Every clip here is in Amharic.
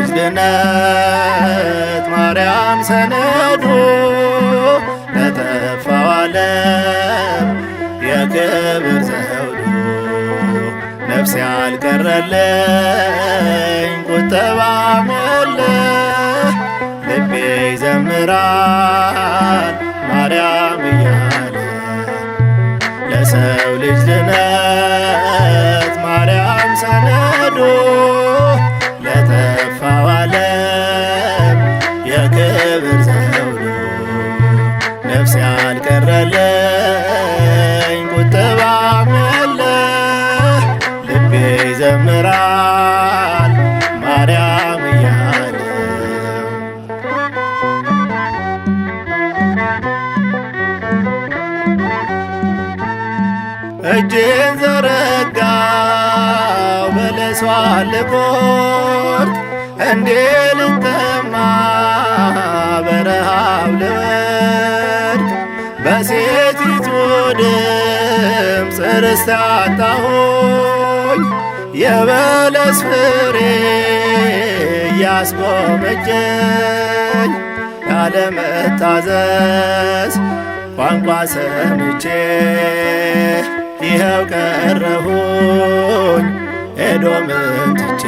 ምስግነት ማርያም ሰነዱ ለጠፋው ዓለም የክብር ዘውዱ ነፍሴ ያልቀረለኝ ቁጠባ መለ ልቤ ይዘምራል ማርያም እያለ ለሰው ልጅ ድነት እጄን ዘረጋው በለሷን ልቆርጥ እንዴ ልጠማ በረሃብ ልወድቅ በሴቲቱ ድምፅ ርስት አጣሁኝ የበለስ ፍሬ ያስጎመጀኝ ያለመታዘዝ ቋንቋ ሰምቼ ይኸው ቀረሁኝ ኤዶምን ትቼ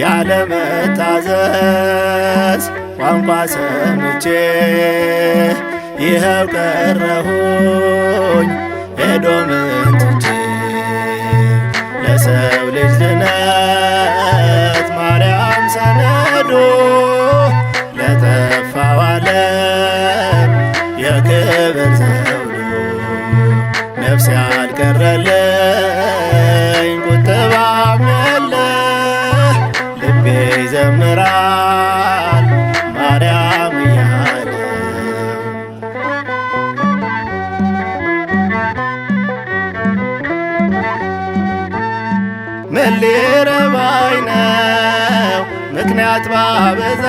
ያለመታዘዝ ቋንቋ ሰምቼ ይኸው ቀረሁ ባይ ነው ምክንያት ባበዛ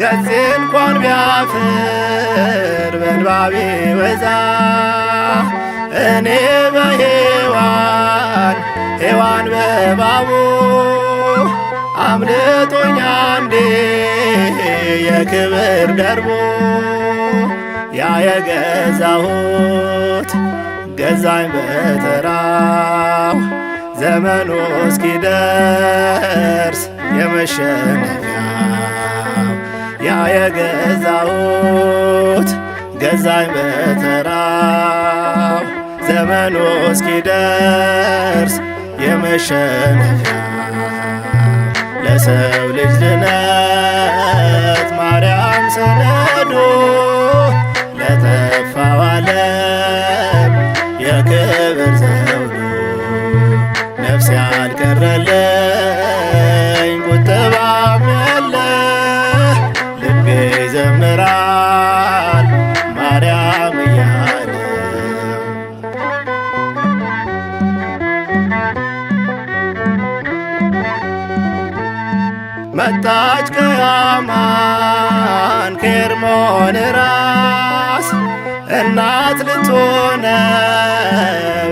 ገጼ እንኳን ቢያፍር በእንባ በዛ እኔ በሔዋን ሔዋን በእባቡ አምልጦኛ እንዴ የክብር ደርቦ ያ የገዛሁት ገዛኝ በተራው ዘመኑ እስኪደርስ የመሸነፊያው ያ የገዛሁት ገዛኝ በተራው ዘመኑ እስኪደርስ የመሸነፊያው ለሰው ልጅ ድነት ማርያም ሰነዱ ነፍሴ አልቀረለኝ ቁጠባም ያለ ልቤ ዘምራል ማርያም እያለ መጣች ከአማን ከኤርሞን ራስ እናት ልትሆነ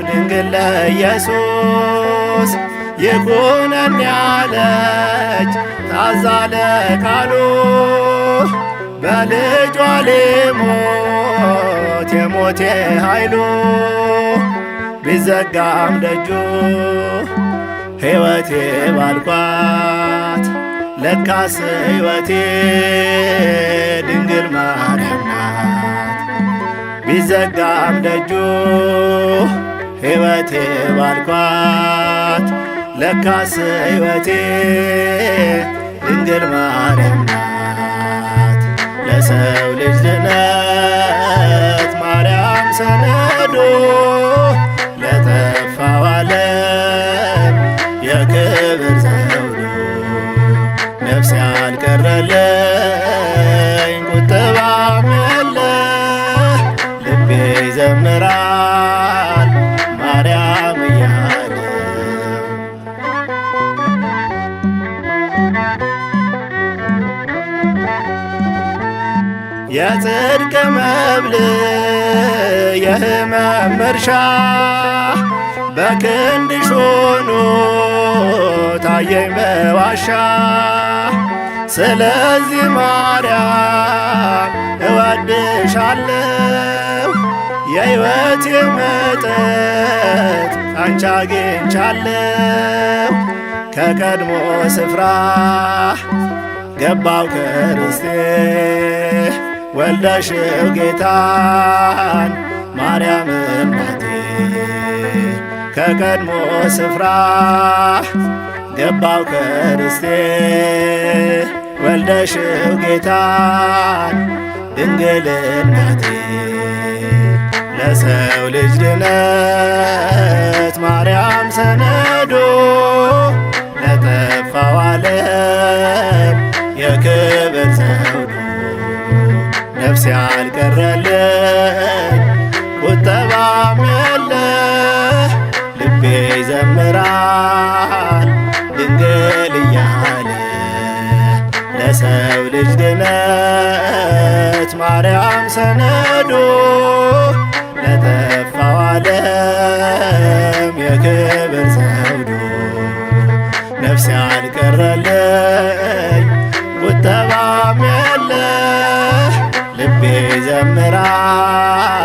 ድንግል ለኢየሱስ ክርስቶስ ይኩነን ያለች ታዛለ ቃሉ በልጇ ሊሞት የሞቴ ኃይሉ ቢዘጋም ደጁ ሕይወቴ ባልኳት ለካስ ሕይወቴ ድንግል ማርያም ናት ቢዘጋም ደጁ ሕይወቴ ባልኳት ለካስ ሕይወቴ ድንግል ማርያም ናት ለሰው ልጅ ልነት የጽድቅ መብል የሕማም መርሻ በክንድሽ ሆኖ ታየኝ በዋሻ። ስለዚህ ማርያም እወድሻለሁ፣ የሕይወቴ መጠጥ አንቺ አግኝቻለሁ። ከቀድሞ ስፍራ ገባው ከርስቴ ወልደሽው ጌታን ማርያም እናቴ ከቀድሞ ስፍራ ገባው ከርስቴ ወልደሽው ጌታን ድንግል እናቴ ለሰው ልጅ ድነት ማርያም ሰነዶ ለጠፋው ዓለም የክ ነፍሴ አልቀረልኝ ቁጠባም የለ ልቤ ይዘምራል ድንግል እያለ ለሰው ልጅ ድነት ማርያም ሰነዶ ለጠፋው ዓለም የክብር ዘውዶ ነፍሴ Allah.